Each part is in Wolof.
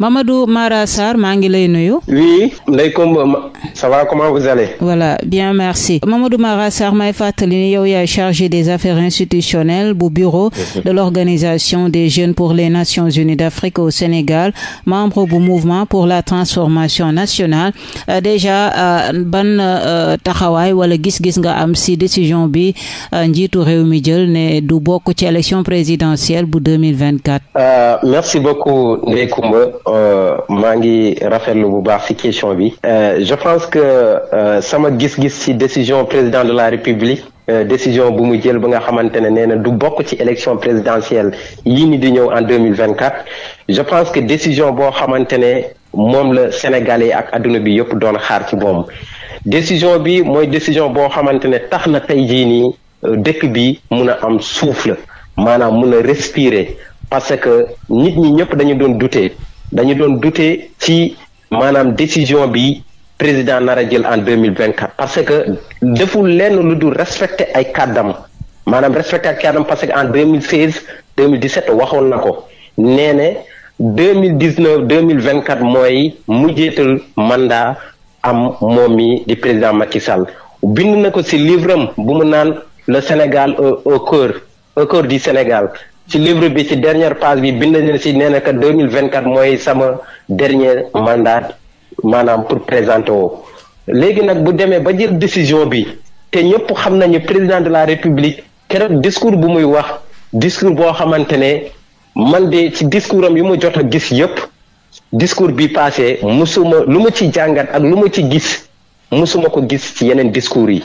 Mamadou Mara Sarr maa ngi lay nuyu. oui Ndeye Comba Mamadou Mara may fàttali yow yaay chargé des affaires institutionnelles bu bureau mm-hmm. de l'organisation des jeunes pour les Nations Unies d'Afrique au Sénégal membre bu mouvement pour la transformation nationale euh, déjà euh, ban euh, taxawaay wala gis-gis nga am si décision bi njiitu réew mi jël ne du bokk ci élection présidentielle bu 2024. merci beaucoup Ndeye Euh, maa ngi rafetlu bu baax ci question bi euh, je pense que euh, sama gis-gis ci décision président de la république décision bu mu jël ba nga xamante ne nee na du bokk ci élection présidentielle yii ni di ñëw en deux mille vingt quatre je pense que décision boo xamante ne moom la sénégalais ak adduna bi yëpp doon xaar ci boom décision bi mooy décision boo xamante ne tax na tey jii nii dëkk bi mun a am souffle maanaam mun a respirer parce que nit ñi ñëpp dañu doon douter dañu doon douter ci maanaam décision bi président nar a jël en deux mille vingt parce que deful lenn lu dul respecter ay kàddam maanaam respecter ay kàddam parce que en deux mille seize deux mille dix sept waxoon na ko nee ne deux mille dix neuf deux mille vingt quatre mooy mujjeetal mandat am moom mi di président Macky Sall bind na ko ci livre bu mu naan le Sénégal au au cœur au cœur du Sénégal ci livre bi ci dernière page bi bind na ci nee na que deux mille vingt mooy sama dernier mandat maanaam pour présenter woo léegi nag bu demee ba jël décision bi te ñëpp xam nañu président de la république keroog discours bu muy wax discours boo xamante ne man de ci discours am yu ma jot a gis yëpp discours bi passé musuma lu ma ci jàngat ak lu ma ci gis musuma ko gis ci yeneen discours yi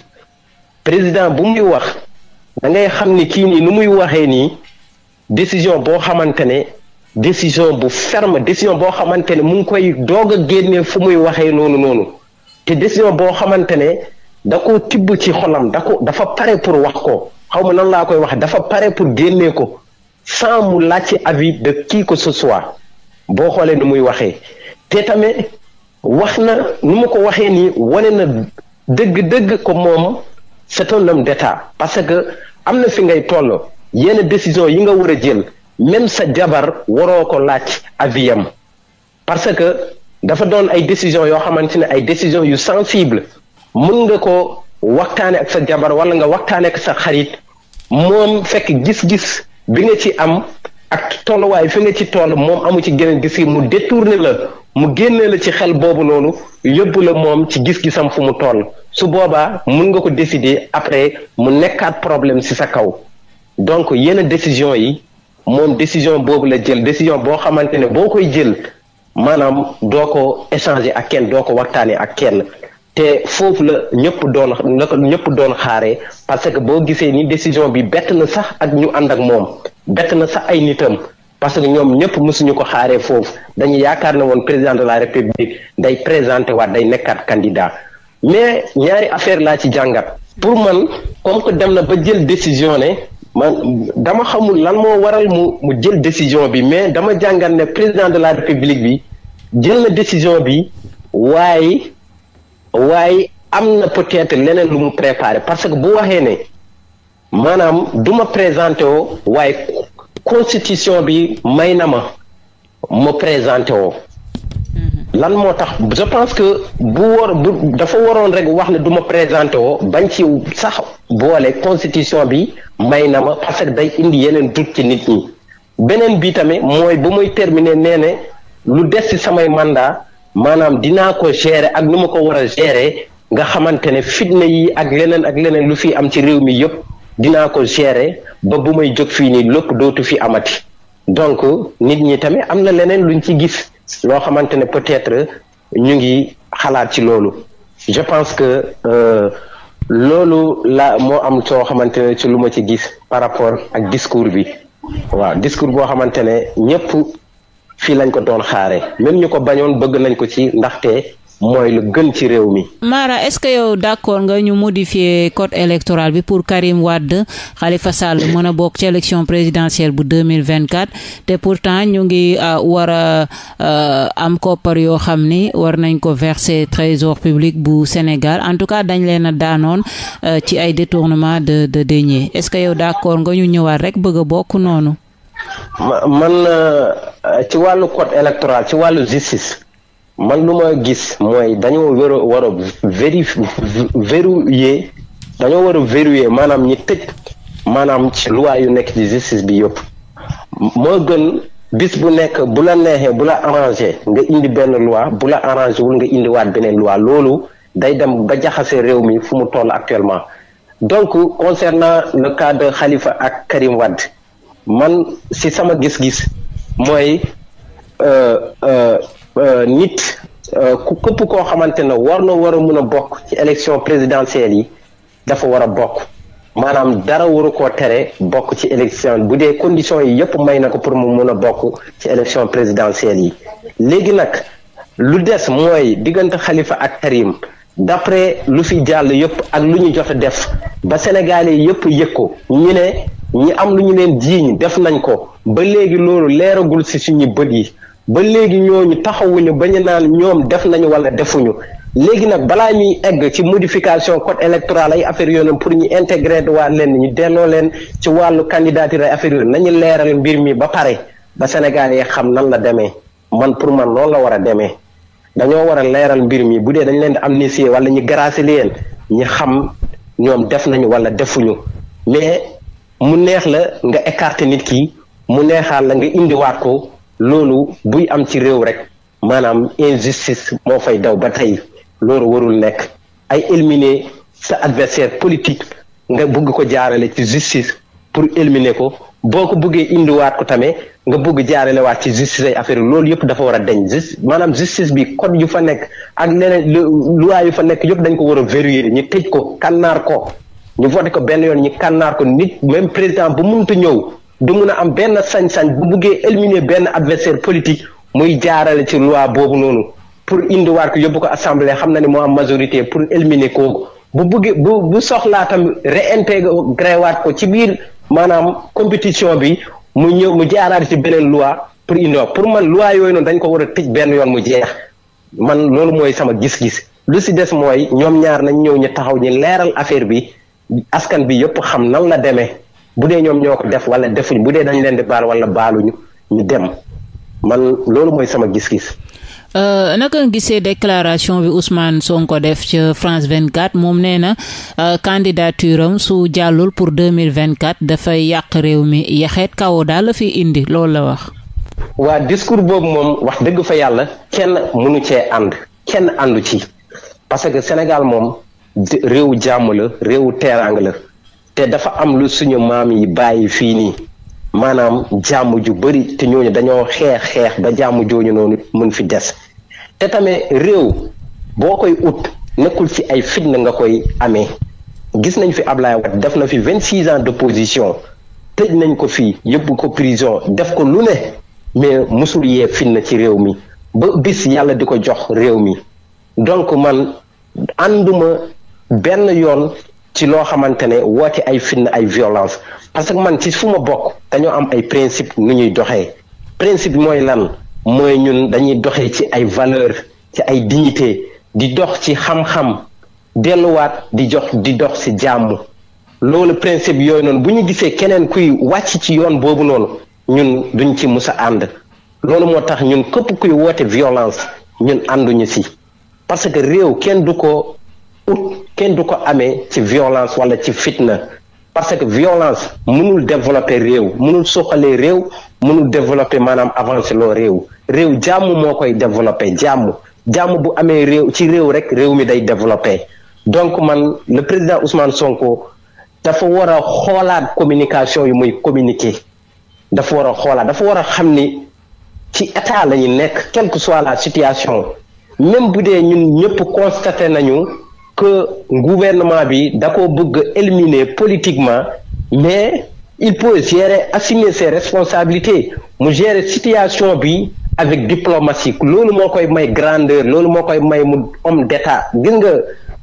président bu muy wax da ngay xam ni kii nii nu muy waxee nii. décision boo xamante ne décision bu ferme décision boo xamante ne mu ngi koy doog a génne fu muy waxee noonu noonu te décision boo xamante ne da ko tibb ci xolam da ko dafa pare pour wax ko xaw ma nan laa koy wax dafa pare pour génnee ko sans mu laajte avis de kii ko ce soit boo xoolee nu muy waxee te tamit wax na nu ma ko waxee nii wane na dëgg-dëgg ko moom c'est un homme d'état parce que am na fi ngay toll. yenn décision yi nga war a jël même sa jabar waroo ko laaj aviyam parce que dafa doon ay décision yoo xamante ne ay décision yu sensible mun nga ko waxtaane ak sa jabar wala nga waxtaane ak sa xarit moom fekk gis-gis bi nga ci am ak tolluwaay fi nga ci toll moom amu ci geneen gis mu détourné la mu génnee la ci xel boobu noonu yóbbu la moom ci gis-gisam fu mu toll su boobaa mun nga ko décider après mu nekkaat problème ci sa kaw donc yenn décision yi moom décision boobu la jël décision boo xamante ne boo koy jël maanaam doo ko échanger ak kenn doo ko waxtaanee ak kenn te foofu la ñëpp doon la ko ñëpp doon xaaree parce que boo gisee ni décision bi bett na sax ak ñu ànd ak moom bett na sax ay nitam parce que ñoom ñëpp mësuñu ko xaaree foofu dañu yaakaar ne woon président de la république day présenté waat day nekkaat candidat mais ñaari affaire laa ci jàngat pour man comme que dem na ba jël décision ne. man dama xamul lan moo waral mu mu jël décision bi mais dama jàngat ne président de la république bi jël na décision bi waaye waaye am na peut-être leneen lu mu préparé parce que bu waxee ne maanaam duma ma présenté waaye constitution bi may na ma ma présenté woo lan moo tax je pense que bu war bu dafa waroon rek wax ne du ma présenté woo bañ ci sax boole constitution bi may na ma parce que day indi yeneen doute ci nit ñi beneen bi tamit mooy bu muy terminer nee ne lu des ci samay mandat maanaam dinaa ko gérer ak nu ma ko war a gérer nga xamante ne fitna yi ak leneen ak leneen lu fi am ci réew mi yëpp dinaa ko gérer ba bu may jóg fii nii lépp dootu fi amati donc nit ñi tamit am na leneen luñ ci gis. loo xamante ne peut-être ñu ngi xalaat ci loolu je pense que euh, loolu la moo am soo xamante ne ci lu ma ci gis par rapport ak discours bi waaw discours boo xamante ne ñëpp fii lañ ko doon xaare même ñu ko bañoon bëgg nañ ko ci ndaxte mooy lu gën ci réew mi. Mara est-ce que yow d'accord nga ñu modifier code électoral bi pour Karim Wade Khalifa Sall mën a bokk ci élection présidentielle bu deux mille vingt quatre te pourtant ñu ngi euh, war a euh, am koppar yoo xam ni war nañ ko verser trésor public bu Sénégal en tout cas dañ leen a daanoon euh, ci ay détournement de de deniers est-ce que yow d'accord nga ñu ñëwaat rek bëgg bokk noonu. man ci wàllu code électoral ci wàllu justice. man lu ma gis mooy dañoo war a war a vérif dañoo war a verrouiller maanaam ñi tëj maanaam ci loi yu nekk ci justice bi yëpp moo gën bis bu nekk bu la neexee bu la arrangé nga indi benn loi bu la arrangé wul nga indi waat beneen loi loolu day dem ba jaxasee réew mi fu mu toll actuellement donc concernant le cas Khalifa ak Karim Wade man si sama gis-gis mooy. Euh, euh, Euh, nit euh, ku këpp koo xamante ne war na war a mën a bokk ci élection présidentielle yi dafa war a bokk maanaam dara waru ko tere bokk ci élection bu dee conditions yi yëpp may na ko pour mu mën a bokk ci élection présidentielle yi léegi nag lu des mooy diggante xalifa ak Karim d'après lu fi jàll yëpp ak lu ñu jot def ba sénégalais yëpp yëg ko ñu ne ñi am lu ñu leen jiiñ def nañ ko ba léegi loolu leeragul si suñu bët yi ba léegi ñoo ñu taxawuñu bañu naan ñoom def nañu wala defuñu léegi nag balaa ñuy egg ci modification code électoral ay affaire yoonam pour ñu intégrer waat leen ñu delloo leen ci wàllu candidature ay affaire yoon nañu leeral mbir mii ba pare ba Sénégal yi xam nan la demee man pour man noonu la war a demee dañoo war a leeral mbir mii bu dee dañ leen di amnistier wala ñu gracier leen ñi xam ñoom def nañu wala defuñu mais mu neex la nga écarter nit ki mu neexaal la nga indiwaat loolu buy am ci réew rek maanaam injustice moo fay daw ba tey loolu warul nekk ay éliminer sa adversaire politique nga bugg ko jaarale ci justice pour éliminer ko boo ko buggee indiwaat ko tamit nga bugg jaarale waat ci justice ay affaire loolu yëpp dafa war a deñ justice maanaam justice bi code yu fa nekk ak lu loi yu fa nekk yëpp dañ ko war a verrouiller ñu tëj ko kànnaar ko ñu voté ko benn yoon ñu kànnaar ko nit même président bu mënta ñëw du mun a am benn sañ-sañ bu buggee éliminer benn adversaire politique muy jaarale ci loi boobu noonu pour indiwaat ko yóbbu ko assemblée xam na ne moo am majorité pour éliminer kooku bu buggee bu bu soxlaa tam tamit réintégré waat ko ci biir maanaam compétition bi mu ñëw mu jaaraat ci beneen loi pour indiwaat pour man loi yooyu noonu dañ ko war a tëj benn yoon mu jeex man loolu mooy sama gis-gis lu si des mooy ñoom ñaar nañ ñëw ñu taxaw ñu leeral affaire bi askan bi yëpp xam nan la demee. bu dee ñoom ñoo ko def wala defuñ bu dee dañ leen di baal wala baaluñu ñu dem man loolu mooy sama gis-gis. Euh, naka gisee déclaration bi Ousmane ko def ci France 24 moom nee na euh, am su jàllul pour 2024 dafay yàq réew mi yaxeet kawo daal la fi indi loolu la wax. waa discours boobu moom wax dëgg fa yàlla kenn mënu cee ànd kenn àndu ci parce que Sénégal moom réewu jàmm la réewu teraanga la. te dafa am lu suñu maam yi bàyyi fii nii maanaam jàmm ju bëri te ñooñu dañoo xeex xeex ba jàmm jooñu noonu mën fi des te tamit réew boo koy ut nekkul ci ay fitna nga koy amee gis nañ fi Ablaye Wade def na fi vingt six de d'opposition tëj nañ ko fii yóbbu ko prison def ko lu ne mais musul yee fitna ci réew mi ba bis yàlla di ko jox réew mi donc man ànduma benn yoon ci loo xamante ne woote ay fitna ay violence parce que man ci fu ma bokk dañoo am ay principe nu ñuy doxee principe mooy lan mooy ñun dañuy doxe ci ay valeur ci ay dignité di dox ci xam-xam delluwaat di jox di dox ci jàmm loolu principe yooyu noonu bu ñu gisee keneen kuy wàcc ci yoon boobu noonu ñun duñ ci mus a ànd loolu moo tax ñun képp kuy woote violence ñun ànduñu si parce que réew kenn du ko ut kenn du ko amee ci violence wala ci fitna parce que violence mënul développer réew mënul suqalee réew mënul développer maanaam avancer loo réew réew jàmm moo koy développer jàmm jàmm bu amee réew ci réew rek réew mi day développer donc man le président Ousmane Sonko dafa war a xoolaat communication yi muy communiquer dafa war a xoolaat dafa war a xam ni ci état la ñu nekk quelle que soit la situation même bu dee ñun ñëpp constaté nañu. que gouvernement bi da ko bëgg éliminer politiquement mais il peut gérer assumer ses responsabilités mu gérer situation bi avec diplomatie loolu moo koy may grandeur loolu moo koy may mu homme d'état gis nga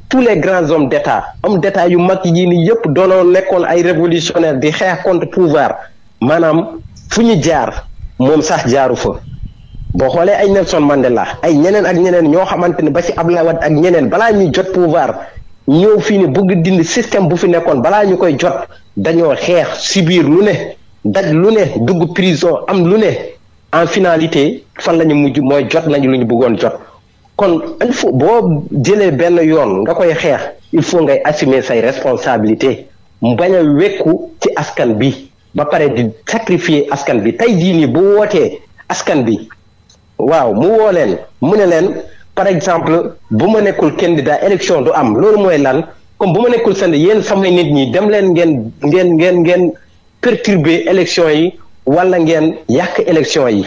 tous les grands hommes d'état hommes d'état yu mag yi nii yëpp doonoo nekkoon ay révolutionnaire di xeex contre pouvoir maanaam fu ñu jaar moom sax jaaru fa boo xoolee ay Nelson Mandela ay ñeneen ak ñeneen ñoo xamante ne ba ci Abdoulaye Wade ak ñeneen balaa ñuy jot pouvoir ñëw fii ne bëgg dindi système bu fi nekkoon balaa ñu koy jot dañoo xeex subir lu ne daj lu ne dugg prison am lu ne en finalité fan la ñu mujj mooy jot nañu lu ñu bëggoon jot kon il boo jëlee benn yoon nga koy xeex il faut ngay assumer say responsabilité bañ a wekku ci askan bi ba pare di sacrifier askan bi tey jii nii bu wootee askan bi waaw mu woo leen mu ne leen par exemple bu ma nekkul candidat élection du am loolu mooy lan comme bu ma nekkul seen yéen samay nit ñi dem leen ngeen ngeen ngeen ngeen perturber élection yi wala ngeen yàq élection yi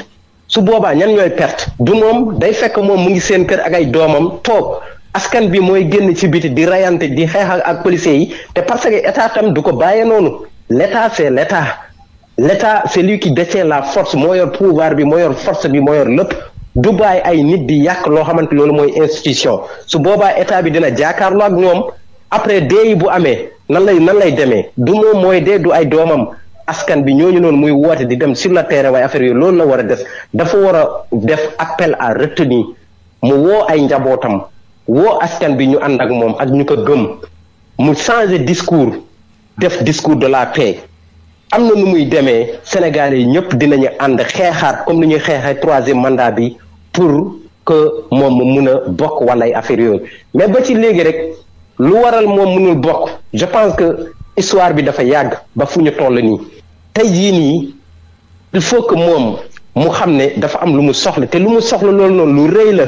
su boobaa ñan ñooy perte du moom day fekk moom mu ngi seen kër ak ay doomam toog askan bi mooy génn ci biti di rayante di xeex ak policiers yi te parce que état tam du ko bàyyee noonu l' état c' l'État c'est lui qui détient la force moo yor pouvoir bi moo yor force bi moo yor lépp du bàyyi ay nit di yàq loo xamante loolu mooy institution su boobaa état bi dina jaakaarloo ak ñoom après dee yi bu amee nan lay nan lay demee du moom mooy dee du ay doomam askan bi ñooñu noonu muy woote di dem sur le terrain waaye affaire yooyu loolu na war a def dafa war a def appel à retenue mu woo ay njabootam woo askan bi ñu ànd ak moom ak ñu ko gëm mu changer discours def discours de la paix am na lu muy demee Sénégalais yi ñëpp dinañu ànd xeexaat comme lu ñuy xeexee troisième mandat bi pour que moom mu mun a bokk wala ay affaire yooyu mais ba ci léegi rek lu waral moom mënul bokk je pense que histoire bi dafa yàgg ba fu ñu toll nii tey jii nii il faut que moom mu xam ne dafa am lu mu soxla te lu mu soxla loolu noonu lu rëy la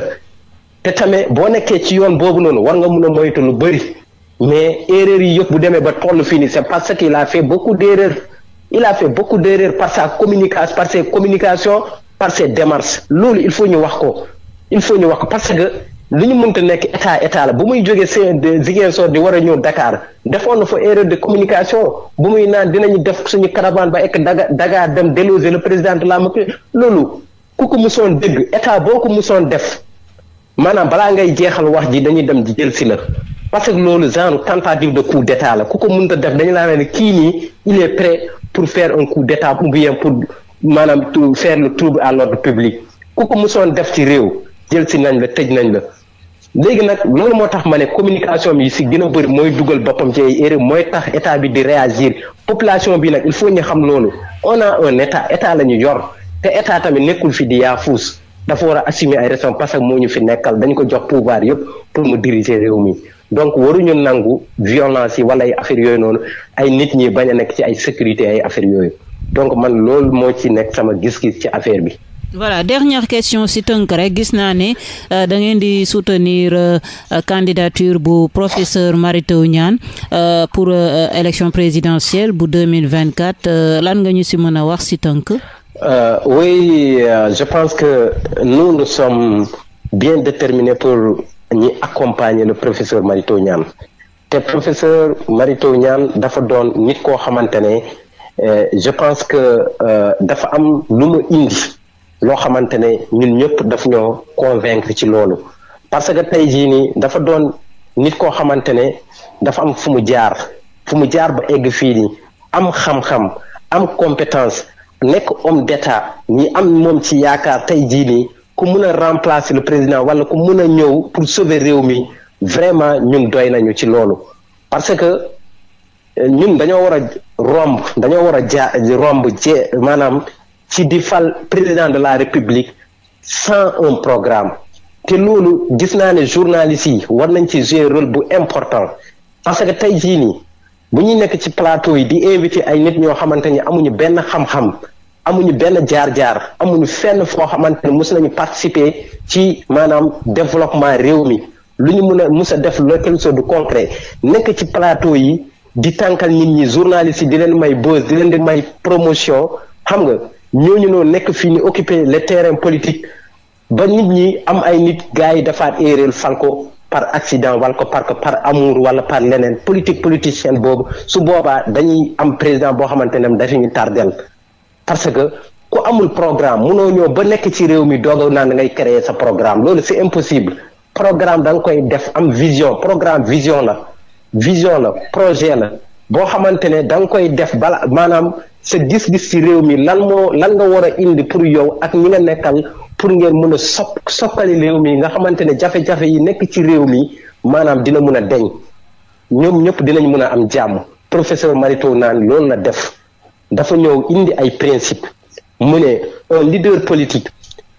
te tamit boo nekkee ci yoon boobu noonu war nga mun a moytu lu bëri mais erreur yi yëpp bu demee ba toll fii nii c'est parce qu'il a fait beaucoup d'erreurs il a fait beaucoup d'erreurs par sa communication par ses communications par ses loolu il faut ñu wax ko il ñu wax parce que li ñu mënta nekk état état la bu muy jógee CND Ziguinchor di war a ñëw Dakar defoon na fa erreur de communication bu muy naan dinañu def suñu caravane ba ek daga Dakar dem déloger le président de la République loolu ku ko musoon dégg état boo ko musoon def maanaam balaa ngay jeexal wax ji dañuy dem di jël si la parce que loolu genre tentative de coup d'état la ku ko mënta def dañu laa ne kii nii il est pour faire un coup d'état ou bien pour maanaam tout faire le trouble à l'ordre public ku ko mosoon def ci réew jël si nañ la tëj nañ la léegi nag loolu moo tax ma ne communication yi si dina bëri mooy dugal boppam ci ay erreur mooy tax état bi di réagir population bi nag il faut ñu xam loolu on a état la ñu yor te état tamit nekkul fi di yaafuus dafa war a assumer ay raisons parce que moo ñu fi nekkal dañ ko jox pouvoir yëpp pour mu diriger réew mi donc waruñu nangu violence yi wala ay affaire yooyu noonu ay nit ñi bañ a nekk ci ay sécurité ay affaire yooyu donc man loolu moo ci nekk sama gis-gis ci affaire bi. voilà dernière question si tënk rek gis naa ne euh, da ngeen di soutenir euh, candidature bu professeur Mary Teuw Niane euh, pour élection présidentielle bu deux mille vingt quatre lan nga ñu si mën a wax si tënk. woy je pense que nous nous sommes bien déterminés pour. ñi accompagner le professeur Mary ñaan Niane te professeur Mary Teuw dafa doon nit koo xamante ne eh, je pense que eh, dafa am lu mu indi loo xamante ne ñun ñëpp daf ñoo convaincre ci loolu parce que tey jii nii dafa doon nit koo xamante ne dafa am fu mu jaar fu mu jaar ba egg fii am xam-xam am compétence nekk om d'état ñi am moom ci yaakaar tey jii nii ku mun a remplacer le président wala ku mun a ñëw pour sauver réew mi vraiment ñun doy nañu ci loolu parce que euh, ñun dañoo war a romb dañoo war a ja romb je maanaam ci di fal président de la république sans un programme te loolu gis naa ne journalistes yi war nañ ci jouer rôle bu important parce que tey jii nii bu ñu nekk ci plateau yi di invité ay nit ñoo xamante ni amuñu benn xam-xam amuñu benn jaar-jaar amuñu fenn foo xamante ne mus nañu participer ci maanaam développement réew mi lu ñu mun a mus a def quelque chose de concret nekk ci plateau yi di tànkal nit ñi journalistes yi di leen may buzz di leen di may promotion xam nga ñooñu noonu nekk fii ni occuper le terrain politique ba nit ñi am ay nit gars yi dafaat éeréel fal ko par accident wala ko que par amour wala par leneen politique politicienne boobu su boobaa dañuy am président boo xamante ne dafa ñu tardel parce que ku amul programme munoo ñëw ba nekk ci réew mi doog naan da ngay créer sa programme loolu si impossible programme da nga koy def am vision programme vision la vision la projet la boo xamante ne da nga koy def bala maanaam sa gis-gis ci réew mi lan moo lan nga war a indi pour yow ak ñi nga nekkal pour ngeen mën a sopp soppali réew mi nga xamante ne jafe-jafe yi nekk ci réew mi maanaam dina mun a deñ ñoom ñëpp dinañ mun a am jàmm professeur Marito naan loolu la def dafa ñëw indi ay principe mu ne un leader politique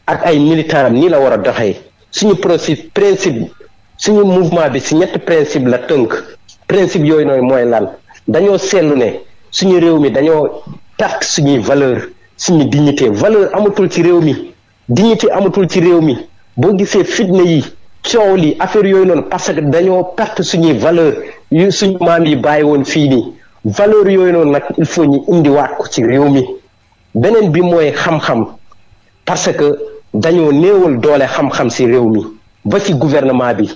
ak ay militant am nii la war a doxee suñu principe principe suñu mouvement bi si ñetti principe la tënk principe yooyu noonu mooy lan dañoo seetlu ne suñu réew mi dañoo perte suñuy valeur suñu dignité valeur amatul ci réew mi dignité amatul ci réew mi boo gisee fitna yi coow li affaire yooyu noonu parce que dañoo perte suñuy valeur yu suñu maam yi bàyyi woon fii nii valeur yooyu noonu nag il faut ñu indiwaat ko ci réew mi beneen bi mooy xam-xam parce que dañoo néewal doole xam-xam si réew mi ba ci gouvernement bi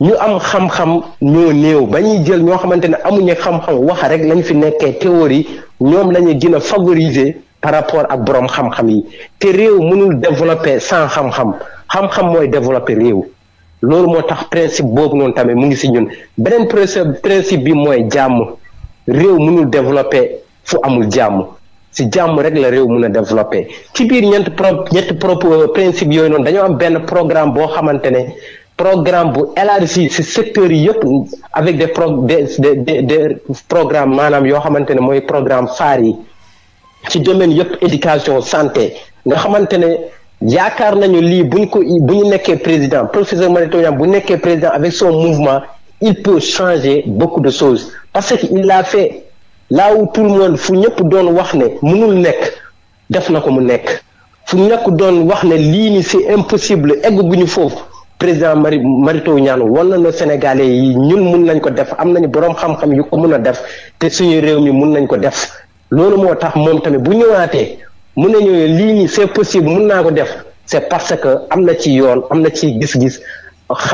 ñu am xam-xam ñoo néew ba ñuy jël ñoo xamante ne amuñu xam-xam wax rek lañu fi nekkee théorie ñoom la ñu gën a favoriser par rapport ak borom xam-xam yi te réew mënul développer sans xam-xam xam-xam mooy développer réew loolu moo tax principe boobu noonu tamit mu ngi si ñun beneen principe bi mooy jàmm. réew mënul développer fu amul jàmm si jàmm rek la réew mën a développer ci biir ñent pro ñetti propos euh, principe yooyu noonu dañoo am benn programme boo xamante ne programme bu élargi si secteurs yi yëpp avec des pro des des des programmes maanaam yoo xamante ne mooy programme phare yi ci domaine yëpp éducation santé nga xamante ne yaakaar nañu lii buñ ko bu ñu nekkee président professeur Mary Teuw bu nekkee président avec son mouvement il peut changer bokk de choses parce qu'il a fait là où tout le monde fu ñëpp doon wax ne mënul nekk def na ko mu nekk fu ñëpp doon wax ne lii ni c'est impossible egguñu foofu président Mary Mary Teuw Niane wan na yi ñun mun nañ ko def am nañu boroom xam-xam yu ko mun a def te suñu réew mi mun nañ ko def loolu moo tax moom tamit bu ñëwaatee mun nañu lii ni c'est possible mun naa ko def c'est parce que am na ci yoon am na ci gis-gis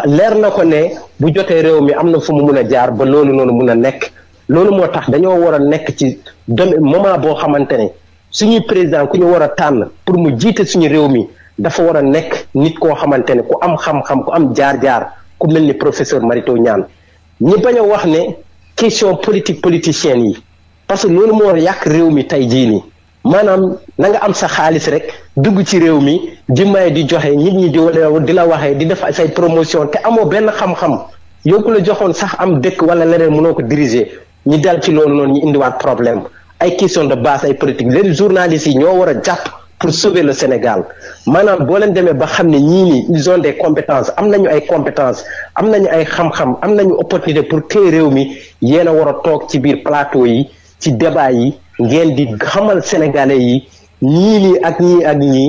leer na ko ne bu jotee réew mi am na fu mu mun a jaar ba loolu noonu mun a nekk loolu moo tax dañoo war a nekk ci domaine moment boo xamante ne suñuy président ku ñu war a tànn pour mu jiite suñu réew mi dafa war a nekk nit koo xamante ne ku am xam-xam ku am jaar-jaar ku mel ni professeur Marito ñaan ñi bañ a wax ne question politique politicienne yi parce que loolu moo yàq réew mi tey jii nii maanaam na nga am sa xaalis rek dugg ci réew mi di may di joxe nit ñi di di la waxee di def say promotion te amoo benn xam-xam yow ku joxoon sax am dëkk wala leneen mënoo ko diriger ñi dal ci loolu noonu ñu indiwaat problème ay question de base ay politique les journalistes yi ñoo war a jàpp pour sauver le Sénégal maanaam boo leen demee ba xam ne ñii nii ils ont des compétences am nañu ay compétences am nañu ay xam-xam am nañu opportunité pour téye réew mi yéen a war a toog ci biir plateau yi ci débat yi ngeen di xamal sénégalais yi ñii nii ak ñii ak ñii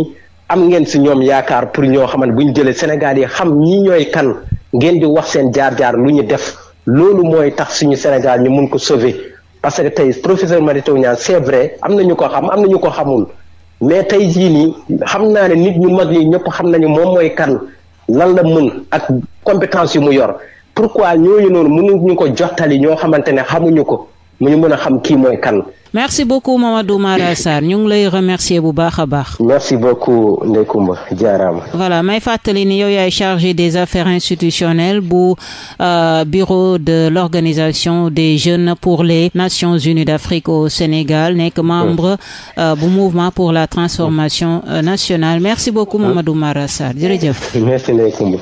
am ngeen si ñoom yaakaar pour ñoo xamante bu ñu jëlee Sénégal yi xam ñii ñooy kan ngeen di wax seen jaar-jaar lu ñu def loolu mooy tax suñu Sénégal ñu mun ko sauver parce que tey professeur Mary Teuw Niane c'est vrai am na ñu ko xam am na ñu ko xamul mais tey jii nii xam naa ne nit ñu mag yi ñëpp xam nañu moom mooy kan lan la mun ak compétence yu mu yor pourquoi ñooñu noonu mënuñu ko jottali ñoo xamante ne xamuñu ko. mu ñu mën a kii mooy kan. merci beaucoup Mamadou Mara Sarr ñu ngi lay remercier bu baax a baax. merci beaucoup Ndeye Comba jaaraama. voilà may fàttali ni yow yaay chargé des affaires institutionnelles bu euh, bureau de l'organisation des jeunes pour les Nations Unies d'Afrique au Sénégal nekk membre euh, bu mouvement pour la transformation euh, nationale merci beaucoup Mamadou Mara Sarr jërëjëf. merci